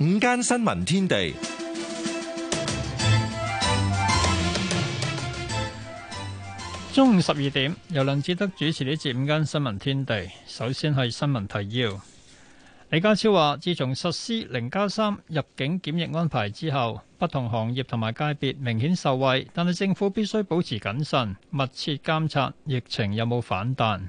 午間新聞天地，中午十二點，由梁志德主持呢節午間新聞天地。首先係新聞提要，李家超話，自從實施零加三入境檢疫安排之後，不同行業同埋界別明顯受惠，但係政府必須保持謹慎，密切監察疫情有冇反彈。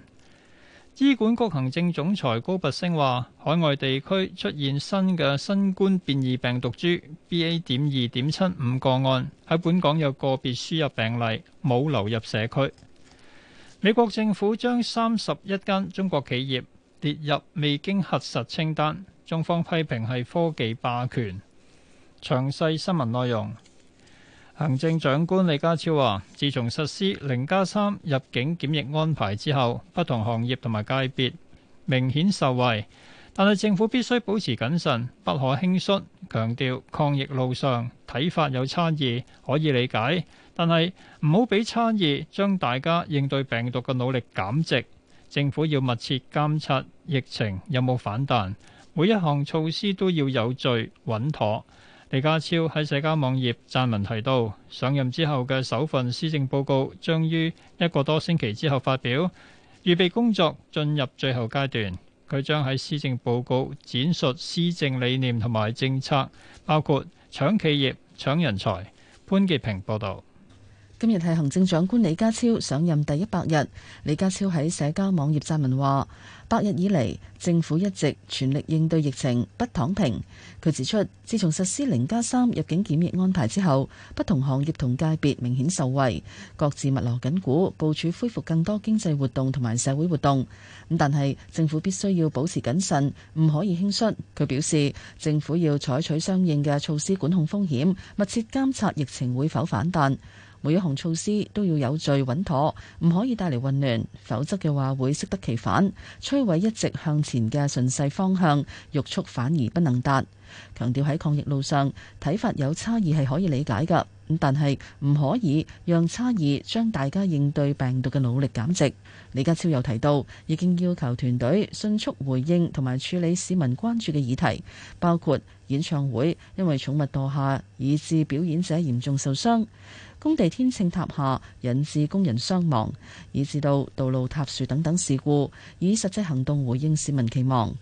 醫管局行政總裁高拔升話：海外地區出現新嘅新冠變異病毒株 BA 點二點七五個案，喺本港有個別輸入病例，冇流入社區。美國政府將三十一間中國企業列入未經核實清單，中方批評係科技霸權。詳細新聞內容。行政長官李家超話，自從實施零加三入境檢疫安排之後，不同行業同埋界別明顯受惠，但係政府必須保持謹慎，不可輕率。強調抗疫路上睇法有差異，可以理解，但係唔好俾差異將大家應對病毒嘅努力減值。政府要密切監察疫情有冇反彈，每一項措施都要有序穩妥。李家超喺社交網頁撰文提到，上任之後嘅首份施政報告將於一個多星期之後發表，預備工作進入最後階段。佢將喺施政報告展述施政理念同埋政策，包括搶企業、搶人才。潘潔平報導。今日係行政長官李家超上任第一百日。李家超喺社交網頁撰文話：百日以嚟，政府一直全力應對疫情，不躺平。佢指出，自從實施零加三入境檢疫安排之後，不同行業同界別明顯受惠，各自密鑼緊鼓，部署恢復更多經濟活動同埋社會活動。咁但係政府必須要保持謹慎，唔可以輕率。佢表示，政府要採取相應嘅措施管控風險，密切監察疫情會否反彈。每一項措施都要有序穩妥，唔可以帶嚟混亂，否則嘅話會適得其反，摧毀一直向前嘅順勢方向，欲速反而不能達。強調喺抗疫路上，睇法有差異係可以理解噶。但係唔可以讓差異將大家應對病毒嘅努力減值。李家超又提到，已經要求團隊迅速回應同埋處理市民關注嘅議題，包括演唱會因為寵物墮下以致表演者嚴重受傷、工地天秤塌下引致工人傷亡，以致到道路塌樹等等事故，以實際行動回應市民期望。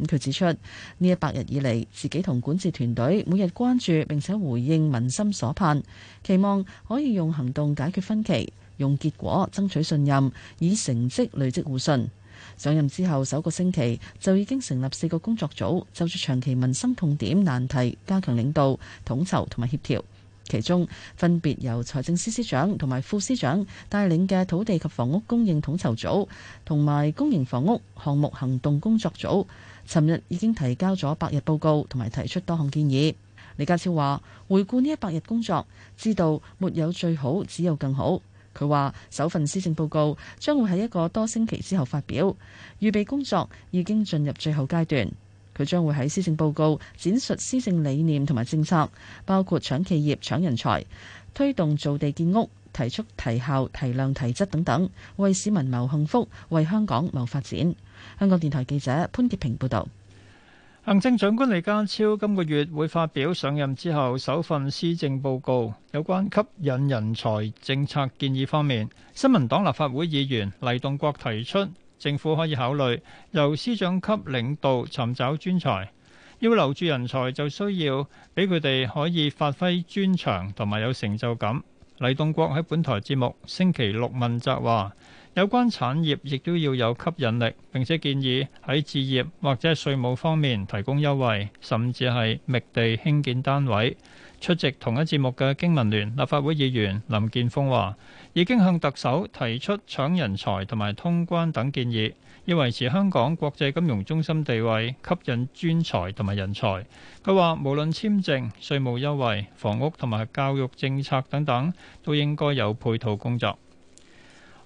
咁佢指出，呢一百日以嚟，自己同管治團隊每日關注並且回應民心所盼，期望可以用行動解決分歧，用結果爭取信任，以成績累積互信。上任之後首個星期就已經成立四個工作組，就住長期民生痛點難題，加強領導統籌同埋協調。其中分別由財政司司長同埋副司長帶領嘅土地及房屋供應統籌組，同埋公營房屋項目行動工作組。尋日已經提交咗百日報告，同埋提出多項建議。李家超話，回顧呢一百日工作，知道沒有最好，只有更好。佢話：首份施政報告將會喺一個多星期之後發表，預備工作已經進入最後階段。佢將會喺施政報告展述施政理念同埋政策，包括搶企業、搶人才，推動造地建屋。提速、提效、提量、提質等等，為市民謀幸福，為香港謀發展。香港電台記者潘潔平報導。行政長官李家超今個月會發表上任之後首份施政報告，有關吸引人才政策建議方面，新聞黨立法會議員黎棟國提出，政府可以考慮由司長級領導尋找專才。要留住人才，就需要俾佢哋可以發揮專長，同埋有成就感。黎棟國喺本台節目星期六問責話，有關產業亦都要有吸引力，並且建議喺置業或者稅務方面提供優惠，甚至係覓地興建單位。出席同一節目嘅經民聯立法會議員林建峰話，已經向特首提出搶人才同埋通關等建議。要維持香港國際金融中心地位，吸引專才同埋人才。佢話，無論簽證、稅務優惠、房屋同埋教育政策等等，都應該有配套工作。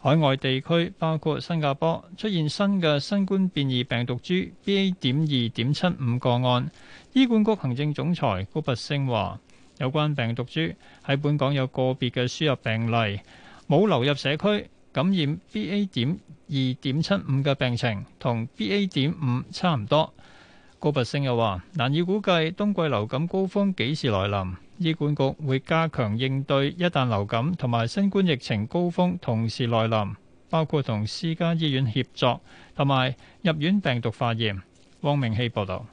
海外地區包括新加坡出現新嘅新冠變異病毒株 BA 點二點七五個案。醫管局行政總裁高拔昇話，有關病毒株喺本港有個別嘅輸入病例，冇流入社區。感染 BA. 點二點七五嘅病情同 BA. 點五差唔多。高拔升又話：難以估計冬季流感高峰幾時來臨，醫管局會加強應對，一旦流感同埋新冠疫情高峰同時來臨，包括同私家醫院協作同埋入院病毒化驗。汪明希報道。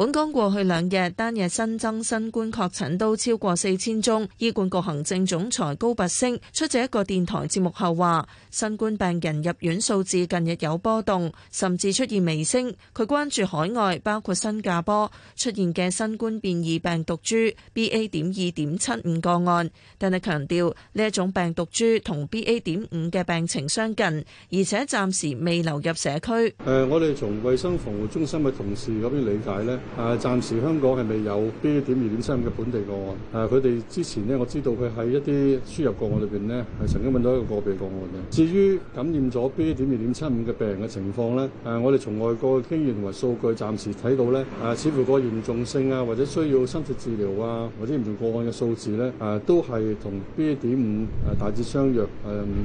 本港過去兩日單日新增新冠確診都超過四千宗，醫管局行政總裁高拔升出席一個電台節目後話，新冠病人入院數字近日有波動，甚至出現微升。佢關注海外包括新加坡出現嘅新冠變異病毒株 B A. 點二點七五個案，但係強調呢一種病毒株同 B A. 點五嘅病情相近，而且暫時未流入社區。誒、呃，我哋從衞生防護中心嘅同事嗰邊理解咧。誒暫時香港係未有 B. 點二點七五嘅本地個案。誒佢哋之前咧，我知道佢喺一啲輸入個案裏邊咧，係曾經揾到一個個別個案嘅。至於感染咗 B. 點二點七五嘅病人嘅情況咧，誒我哋從外國嘅經驗同埋數據暫時睇到咧，誒似乎個嚴重性啊，或者需要深切治療啊，或者嚴重個案嘅數字咧，誒都係同 B. 點五誒大致相若，誒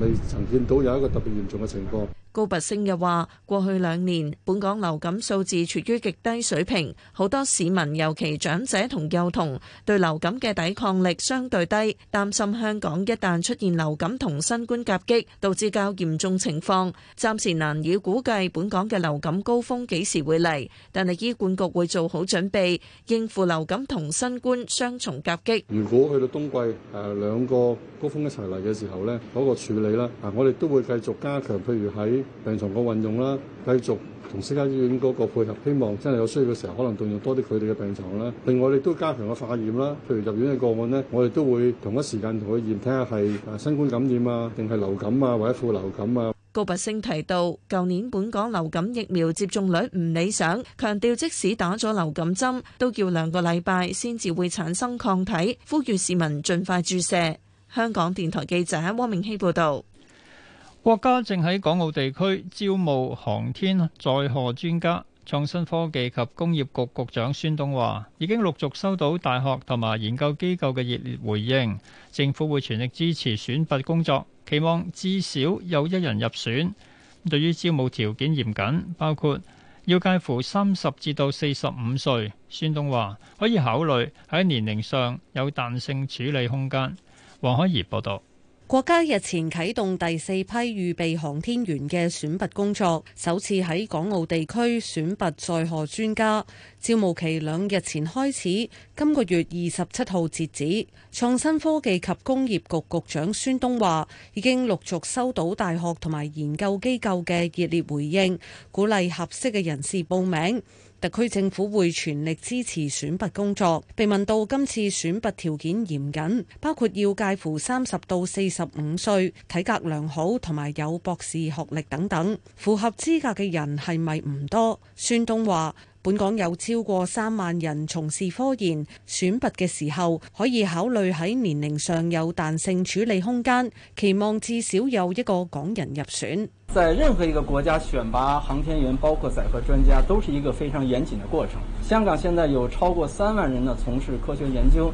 未曾見到有一個特別嚴重嘅情況。高拔升又話，過去兩年本港流感數字處於極低水平，好多市民，尤其長者同幼童，對流感嘅抵抗力相對低，擔心香港一旦出現流感同新冠夾擊，導致較嚴重情況。暫時難以估計本港嘅流感高峰幾時會嚟，但係醫管局會做好準備應付流感同新冠雙重夾擊。如果去到冬季誒兩個高峰一齊嚟嘅時候咧，嗰個處理啦，啊，我哋都會繼續加強，譬如喺病床個運用啦，繼續同私家醫院嗰個配合，希望真係有需要嘅時候，可能動用多啲佢哋嘅病床啦。另外，我哋都加強個化驗啦，譬如入院嘅個案呢，我哋都會同一時間同佢驗，睇下係啊新冠感染啊，定係流感啊，或者副流感啊。高拔昇提到，舊年本港流感疫苗接種率唔理想，強調即使打咗流感針，都要兩個禮拜先至會產生抗體，呼籲市民盡快注射。香港電台記者汪明希報道。國家正喺港澳地區招募航天載荷專家，創新科技及工業局局長孫東話已經陸續收到大學同埋研究機構嘅熱烈回應，政府會全力支持選拔工作，期望至少有一人入選。對於招募條件嚴謹，包括要介乎三十至到四十五歲，孫東話可以考慮喺年齡上有彈性處理空間。黃海怡報道。國家日前啟動第四批預備航天員嘅選拔工作，首次喺港澳地區選拔載荷專家。招募期兩日前開始，今個月二十七號截止。創新科技及工業局局，局長孫東話，已經陸續收到大學同埋研究機構嘅熱烈回應，鼓勵合適嘅人士報名。特區政府會全力支持選拔工作。被問到今次選拔條件嚴謹，包括要介乎三十到四十五歲、體格良好同埋有博士學歷等等，符合資格嘅人係咪唔多？孫東話。本港有超過三萬人從事科研，選拔嘅時候，可以考慮喺年齡上有彈性處理空間，期望至少有一個港人入選。在任何一個國家選拔航天員，包括載荷專家，都是一個非常嚴謹的過程。香港現在有超過三萬人呢，從事科學研究。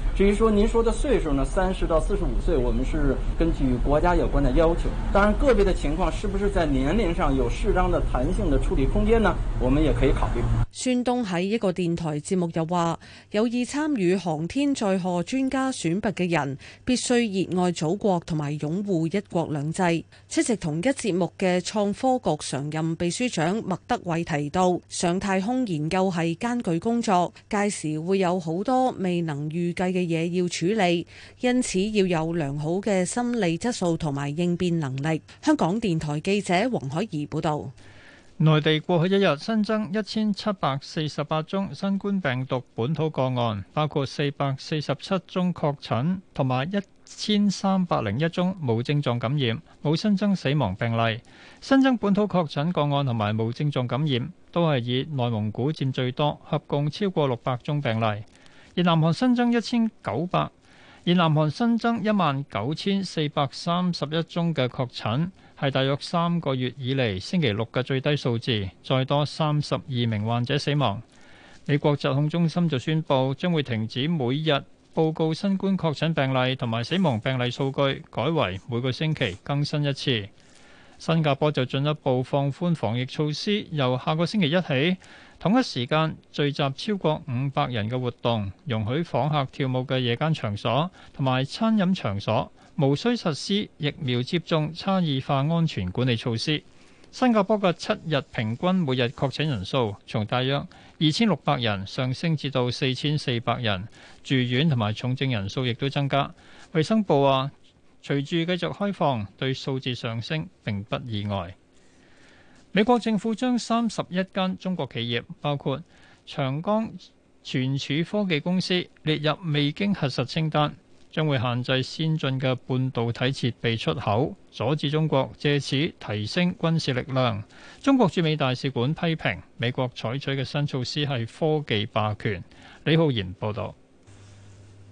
至於說您說的歲數呢，三十到四十五歲，我們是根據國家有關的要求，當然個別的情況是不是在年齡上有適當的彈性的處理空間呢？我們也可以考慮。孫東喺一個電台節目又話，有意參與航天載荷專家選拔嘅人，必須熱愛祖國同埋擁護一國兩制。出席同一節目嘅創科局常任秘書長麥德偉提到，上太空研究係艱鉅工作，屆時會有好多未能預計嘅嘢要處理，因此要有良好嘅心理質素同埋應變能力。香港電台記者黃海怡報導，內地過去一日新增一千七百四十八宗新冠病毒本土個案，包括四百四十七宗確診同埋一千三百零一宗無症狀感染，冇新增死亡病例。新增本土確診個案同埋無症狀感染都係以內蒙古佔最多，合共超過六百宗病例。而南韓新增一千九百，而南韓新增一萬九千四百三十一宗嘅確診，係大約三個月以嚟星期六嘅最低數字，再多三十二名患者死亡。美國疾控中心就宣布將會停止每日報告新冠確診病例同埋死亡病例數據，改為每個星期更新一次。新加坡就進一步放寬防疫措施，由下個星期一起，同一時間聚集超過五百人嘅活動，容許訪客跳舞嘅夜間場所同埋餐飲場所，無需實施疫苗接種差異化安全管理措施。新加坡嘅七日平均每日確診人數從大約二千六百人上升至到四千四百人，住院同埋重症人數亦都增加。衞生部話：隨住繼續開放，對數字上升並不意外。美國政府將三十一間中國企業，包括長江存儲科技公司，列入未經核實清單，將會限制先進嘅半導體設備出口，阻止中國借此提升軍事力量。中國駐美大使館批評美國採取嘅新措施係科技霸權。李浩然報導，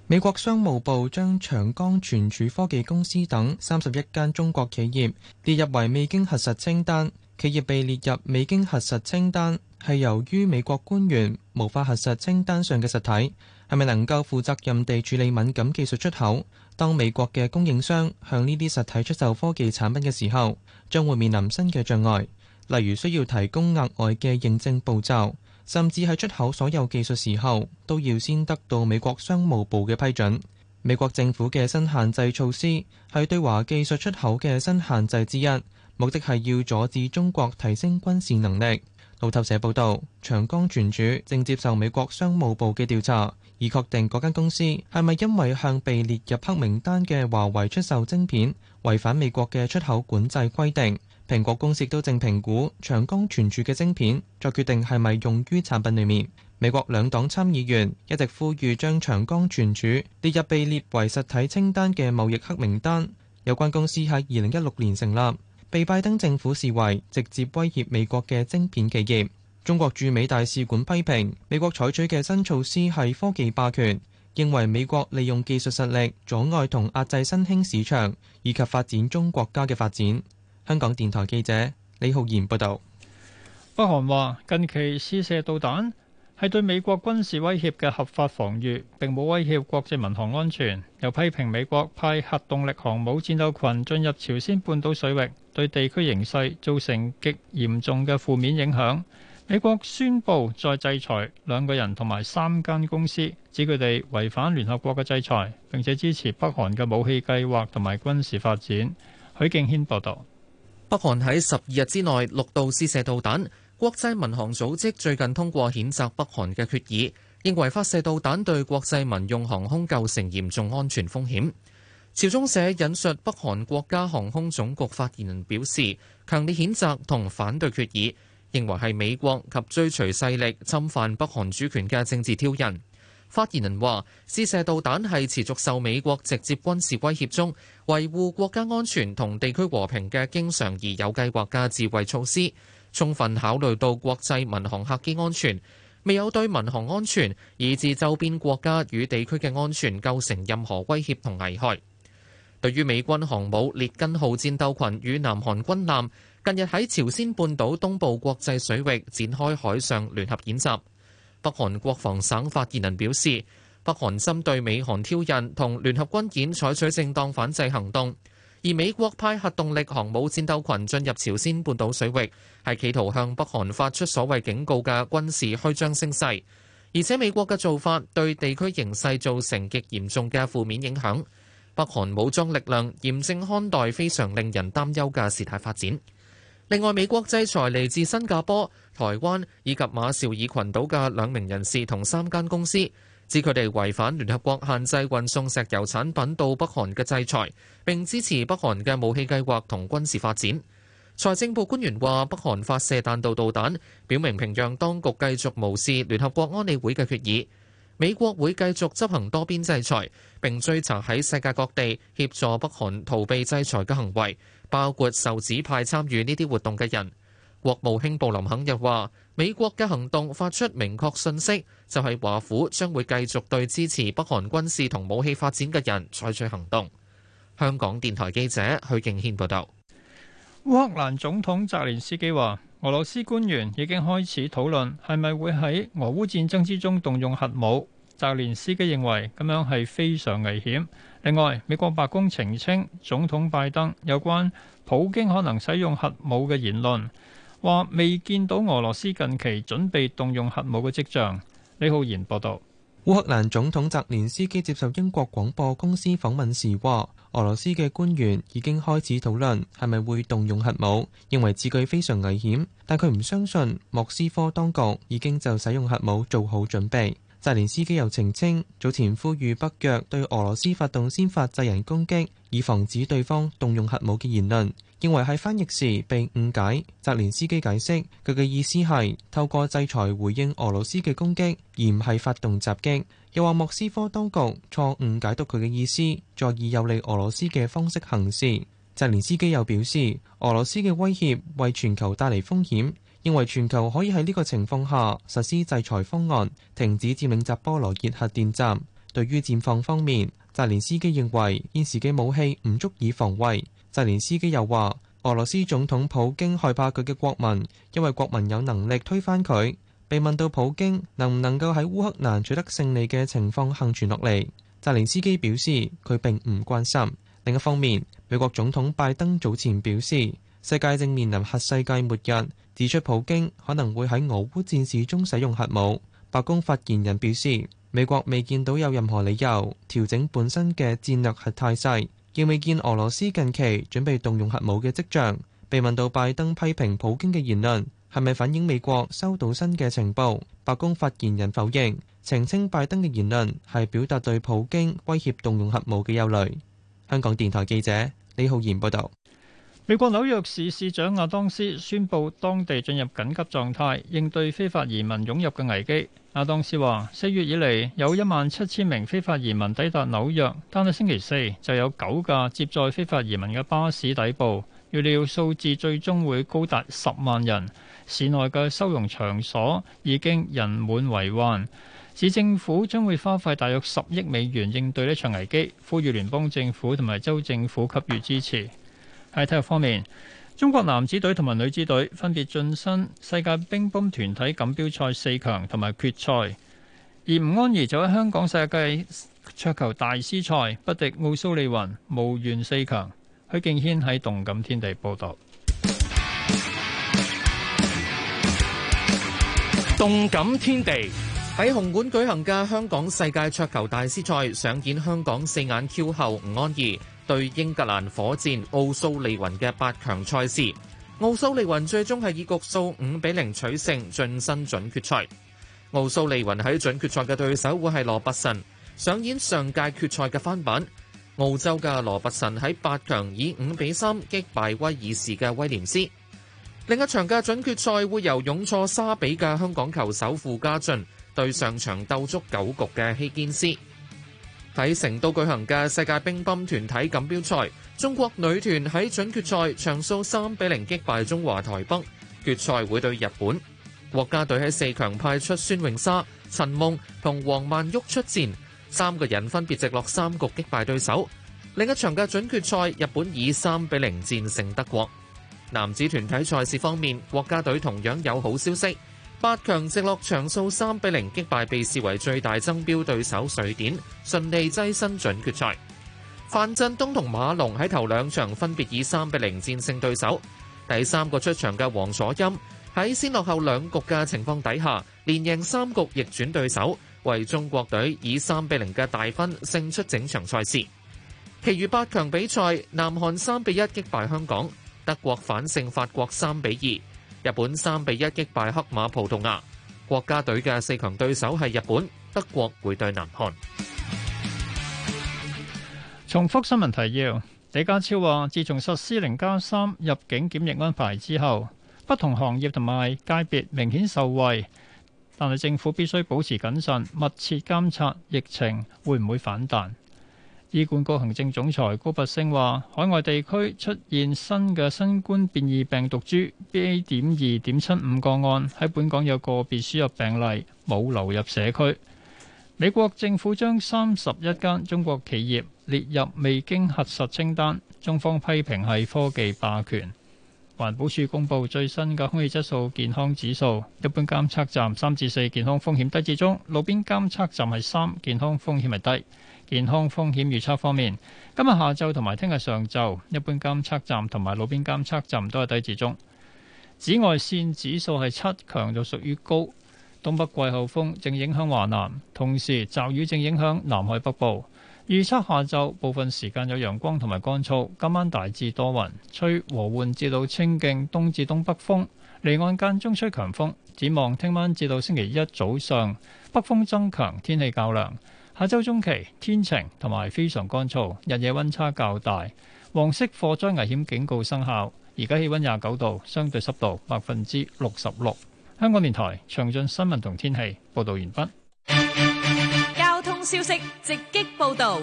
美國商務部將長江存儲科技公司等三十一間中國企業列入為未經核實清單。企業被列入未經核實清單，係由於美國官員無法核實清單上嘅實體係咪能夠負責任地處理敏感技術出口。當美國嘅供應商向呢啲實體出售科技產品嘅時候，將會面臨新嘅障礙，例如需要提供額外嘅認證步驟，甚至喺出口所有技術時候都要先得到美國商務部嘅批准。美國政府嘅新限制措施係對華技術出口嘅新限制之一。目的係要阻止中國提升軍事能力。路透社報導，長江存儲正接受美國商務部嘅調查，以確定嗰間公司係咪因為向被列入黑名單嘅華為出售晶片，違反美國嘅出口管制規定。蘋果公司亦都正評估長江存儲嘅晶片，再決定係咪用於產品裏面。美國兩黨參議員一直呼籲將長江存儲列入被列為實體清單嘅貿易黑名單。有關公司喺二零一六年成立。被拜登政府視為直接威脅美國嘅晶片企業，中國駐美大使館批評美國採取嘅新措施係科技霸權，認為美國利用技術實力阻礙同壓制新興市場以及發展中國家嘅發展。香港電台記者李浩然報道。北韓話近期試射導彈，係對美國軍事威脅嘅合法防禦，並冇威脅國際民航安全。又批評美國派核動力航母戰鬥群進入朝鮮半島水域，對地區形勢造成極嚴重嘅負面影響。美國宣布再制裁兩個人同埋三間公司，指佢哋違反聯合國嘅制裁，並且支持北韓嘅武器計劃同埋軍事發展。許敬軒報道：北韓喺十二日之內六度試射導彈。國際民航組織最近通過譴責北韓嘅決議，認為發射導彈對國際民用航空構成嚴重安全風險。朝中社引述北韓國家航空總局發言人表示，強烈譴責同反對決議，認為係美國及追隨勢力侵犯北韓主權嘅政治挑釁。發言人話：試射導彈係持續受美國直接軍事威脅中，維護國家安全同地區和平嘅經常而有計劃嘅自衛措施，充分考慮到國際民航客機安全，未有對民航安全以至周邊國家與地區嘅安全構成任何威脅同危害。對於美軍航母列根號戰鬥群與南韓軍艦近日喺朝鮮半島東部國際水域展開海上聯合演習，北韓國防省發言人表示，北韓針對美韓挑釁同聯合軍演採取正當反制行動，而美國派核動力航母戰鬥群進入朝鮮半島水域，係企圖向北韓發出所謂警告嘅軍事開張聲勢，而且美國嘅做法對地區形勢造成極嚴重嘅負面影響。北韓武裝力量嚴正看待非常令人擔憂嘅事態發展。另外，美國制裁嚟自新加坡、台灣以及馬紹爾群島嘅兩名人士同三間公司，指佢哋違反聯合國限制運送石油產品到北韓嘅制裁，並支持北韓嘅武器計劃同軍事發展。財政部官員話，北韓發射彈道導彈，表明平壤當局繼續無視聯合國安理會嘅決議。美國會繼續執行多邊制裁，並追查喺世界各地協助北韓逃避制裁嘅行為，包括受指派參與呢啲活動嘅人。國務卿布林肯又話：美國嘅行動發出明確信息，就係華府將會繼續對支持北韓軍事同武器發展嘅人採取行動。香港電台記者許敬軒報道。烏克蘭總統澤連斯基話。俄羅斯官員已經開始討論係咪會喺俄烏戰爭之中動用核武。澤連斯基認為噉樣係非常危險。另外，美國白宮澄清，總統拜登有關普京可能使用核武嘅言論，話未見到俄羅斯近期準備動用核武嘅跡象。李浩然報導。烏克蘭總統澤連斯基接受英國廣播公司訪問時話，俄羅斯嘅官員已經開始討論係咪會動用核武，認為此舉非常危險，但佢唔相信莫斯科當局已經就使用核武做好準備。澤連斯基又澄清，早前呼籲北約對俄羅斯發動先發制人攻擊，以防止對方動用核武嘅言論，認為喺翻譯時被誤解，澤連斯基解釋佢嘅意思係透過制裁回應俄羅斯嘅攻擊，而唔係發動襲擊。又話莫斯科當局錯誤解讀佢嘅意思，再以有利俄羅斯嘅方式行事。澤連斯基又表示，俄羅斯嘅威脅為全球帶嚟風險，認為全球可以喺呢個情況下實施制裁方案，停止佔領扎波羅熱核電站。對於戰況方面，澤連斯基認為現時嘅武器唔足以防衛。澤連斯基又話：俄羅斯總統普京害怕佢嘅國民，因為國民有能力推翻佢。被問到普京能唔能夠喺烏克蘭取得勝利嘅情況幸存落嚟，澤連斯基表示佢並唔關心。另一方面，美國總統拜登早前表示，世界正面臨核世界末日，指出普京可能會喺俄烏戰事中使用核武。白宮發言人表示，美國未見到有任何理由調整本身嘅戰略核態勢。亦未見俄羅斯近期準備動用核武嘅跡象。被問到拜登批評普京嘅言論係咪反映美國收到新嘅情報，白宮發言人否認，澄清拜登嘅言論係表達對普京威脅動用核武嘅憂慮。香港電台記者李浩然報道。美國紐約市市長亞當斯宣佈，當地進入緊急狀態，應對非法移民湧入嘅危機。亞當斯話：四月以嚟，有一萬七千名非法移民抵達紐約，但係星期四就有九架接載非法移民嘅巴士抵步，預料數字最終會高達十萬人。市內嘅收容場所已經人滿為患，市政府將會花費大約十億美元應對呢場危機，呼籲聯邦政府同埋州政府給予支持。喺體育方面，中國男子隊同埋女子隊分別晉身世界乒乓團體錦標賽四強同埋決賽，而吳安儀就喺香港世界桌球大師賽不敵奧蘇利雲，無緣四強。許敬軒喺動感天地報道。動感天地，喺紅館舉行嘅香港世界桌球大師賽，上演香港四眼 Q 后吳安儀。對英格蘭火箭奧蘇利雲嘅八強賽事，奧蘇利雲最終係以局數五比零取勝，晉身準決賽。奧蘇利雲喺準決賽嘅對手會係羅伯神，上演上屆決賽嘅翻版。澳洲嘅羅伯神喺八強以五比三擊敗威爾士嘅威廉斯。另一場嘅準決賽會由勇挫沙比嘅香港球手傅家俊對上場鬥足九局嘅希堅斯。喺成都舉行嘅世界乒乓團體錦標賽，中國女團喺準決賽場數三比零擊敗中華台北，決賽會對日本。國家隊喺四強派出孫穎莎、陳夢同王曼昱出戰，三個人分別直落三局擊敗對手。另一場嘅準決賽，日本以三比零戰勝德國。男子團體賽事方面，國家隊同樣有好消息。八強直落場數三比零擊敗被視為最大爭標對手瑞典，順利躋身準決賽。樊振東同馬龍喺頭兩場分別以三比零戰勝對手，第三個出場嘅王楚欽喺先落後兩局嘅情況底下，連贏三局逆轉對手，為中國隊以三比零嘅大分勝出整場賽事。其餘八強比賽，南韓三比一擊敗香港，德國反勝法國三比二。日本三比一擊敗黑馬葡萄牙國家隊嘅四強對手係日本、德國會對南韓。重複新聞提要，李家超話：自從實施零加三入境檢疫安排之後，不同行業同埋界別明顯受惠，但係政府必須保持謹慎，密切監察疫情會唔會反彈。醫管局行政總裁高拔陞話，海外地區出現新嘅新冠變異病毒株 BA. 點二點七五個案，喺本港有個別輸入病例，冇流入社區。美國政府將三十一間中國企業列入未經核實清單，中方批評係科技霸權。環保署公布最新嘅空氣質素健康指數，一般監測站三至四健康風險低至中，路邊監測站係三，健康風險係低。健康風險預測方面，今日下晝同埋聽日上晝，一般監測站同埋路邊監測站都係低至中。紫外線指數係七，強就屬於高。東北季候風正影響華南，同時驟雨正影響南海北部。預測下晝部分時間有陽光同埋乾燥，今晚大致多雲，吹和緩至到清勁東至東北風，離岸間中吹強風。展望聽晚至到星期一早上，北風增強，天氣較涼。下周中期天晴同埋非常乾燥，日夜溫差較大。黃色火災危險警告生效。而家氣溫廿九度，相對濕度百分之六十六。香港電台詳盡新聞同天氣報道完畢。交通消息直擊報道。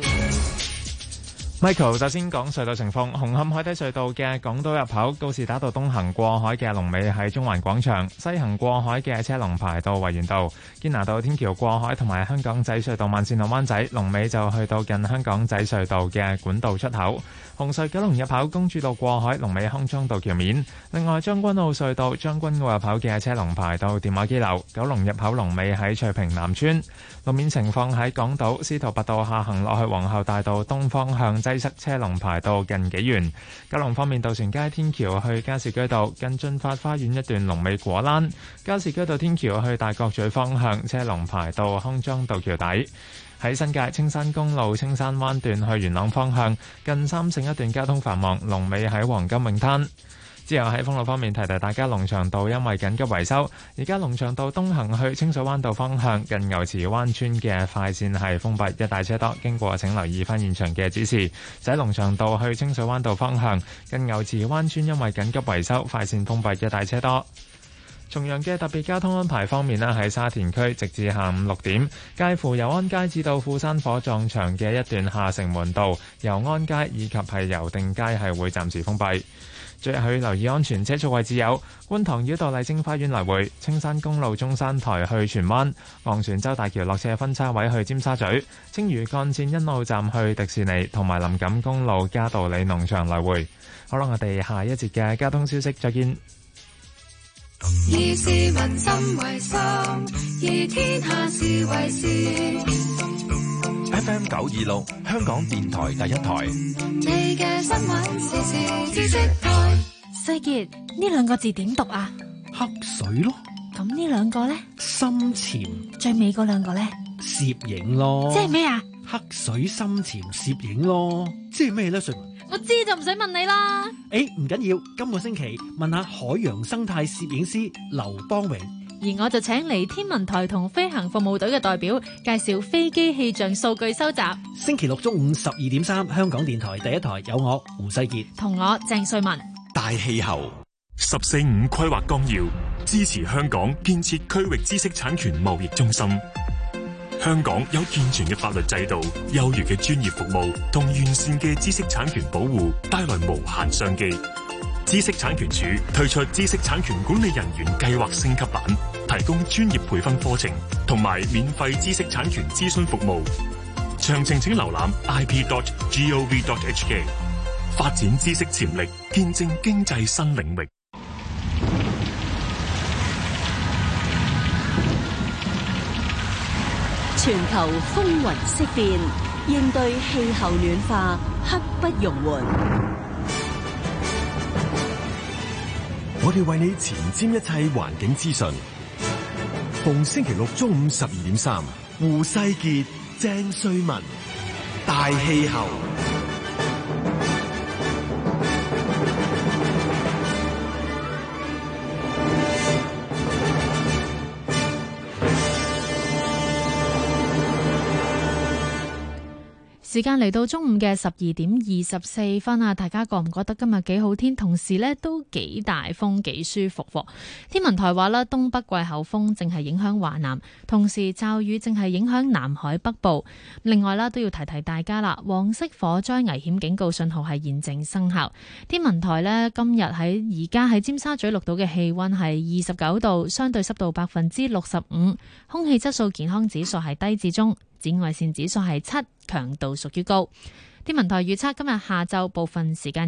Michael，首先講隧道情況。紅磡海底隧道嘅港島入口，告士打道東行過海嘅龍尾喺中環廣場；西行過海嘅車龍排到維園道。堅拿道天橋過海同埋香港仔隧道萬線路灣仔龍尾就去到近香港仔隧道嘅管道出口。紅隧九龍入口公主道過海龍尾康莊道橋面。另外將軍澳隧道將軍澳入口嘅車龍排到電話機樓。九龍入口龍尾喺翠屏南村。路面情況喺港島司徒拔道下行落去皇后大道東方向，擠塞，西車龍排到近幾遠。九龍方面，渡船街天橋去加士居道近駿發花園一段，龍尾果欄；加士居道天橋去大角咀方向，車龍排到康莊道橋底。喺新界青山公路青山灣段去元朗方向，近三聖一段交通繁忙，龍尾喺黃金泳灘。之後喺封路方面提提大家，龍翔道因為緊急維修，而家龍翔道東行去清水灣道方向近牛池灣村嘅快線係封閉，一帶車多。經過請留意翻現場嘅指示。就喺龍翔道去清水灣道方向近牛池灣村，因為緊急維修，快線封閉，一帶車多。重陽嘅特別交通安排方面呢喺沙田區直至下午六點，介乎油安街至到富山火葬場嘅一段下城門道、油安街以及係油定街係會暫時封閉。最近可留意安全車速位置有：觀塘繞道麗晶花園來回、青山公路中山台去荃灣、昂船洲大橋落車分叉位去尖沙咀、青嶼幹線欣澳站去迪士尼同埋林錦公路嘉道理農場來回。好啦，我哋下一節嘅交通消息，再見。以市民心為心，以天下事為事。FM 九二六，香港電台第一台。你嘅新聞時事知識。世杰，呢兩個字點讀啊？黑水咯。咁呢兩個呢？深潛。最尾嗰兩個呢？攝影咯。即係咩啊？黑水深潛攝影咯。即係咩呢？瑞文，我知就唔使問你啦。誒，唔緊要，今個星期問下海洋生態攝影師劉邦榮，而我就請嚟天文台同飛行服務隊嘅代表介紹飛機氣象數據收集。星期六中午十二點三，香港電台第一台有我胡世杰同我鄭瑞文。大氣候，十四五規劃綱要支持香港建設區域知識產權貿易中心。香港有健全嘅法律制度、優越嘅專業服務同完善嘅知識產權保護，帶來無限商機。知識產權署推出知識產權管理人員計劃升級版，提供專業培訓課程同埋免費知識產權諮詢服務。詳情請瀏覽 ip.gov.hk。發展知識潛力，見證經濟新領域。全球風雲色變，應對氣候暖化，刻不容緩。我哋為你前瞻一切環境資訊，逢星期六中午十二點三，胡世杰、鄭瑞文，大氣候。時間嚟到中午嘅十二點二十四分啊！大家覺唔覺得今日幾好天？同時呢，都幾大風，幾舒服。天文台話呢，東北季候風正係影響華南，同時驟雨正係影響南海北部。另外啦，都要提提大家啦，黃色火災危險警告信號係現正生效。天文台呢，今日喺而家喺尖沙咀錄到嘅氣溫係二十九度，相對濕度百分之六十五，空氣質素健康指數係低至中。紫外線指數係七，強度屬於高。天文台預測今日下晝部分時間。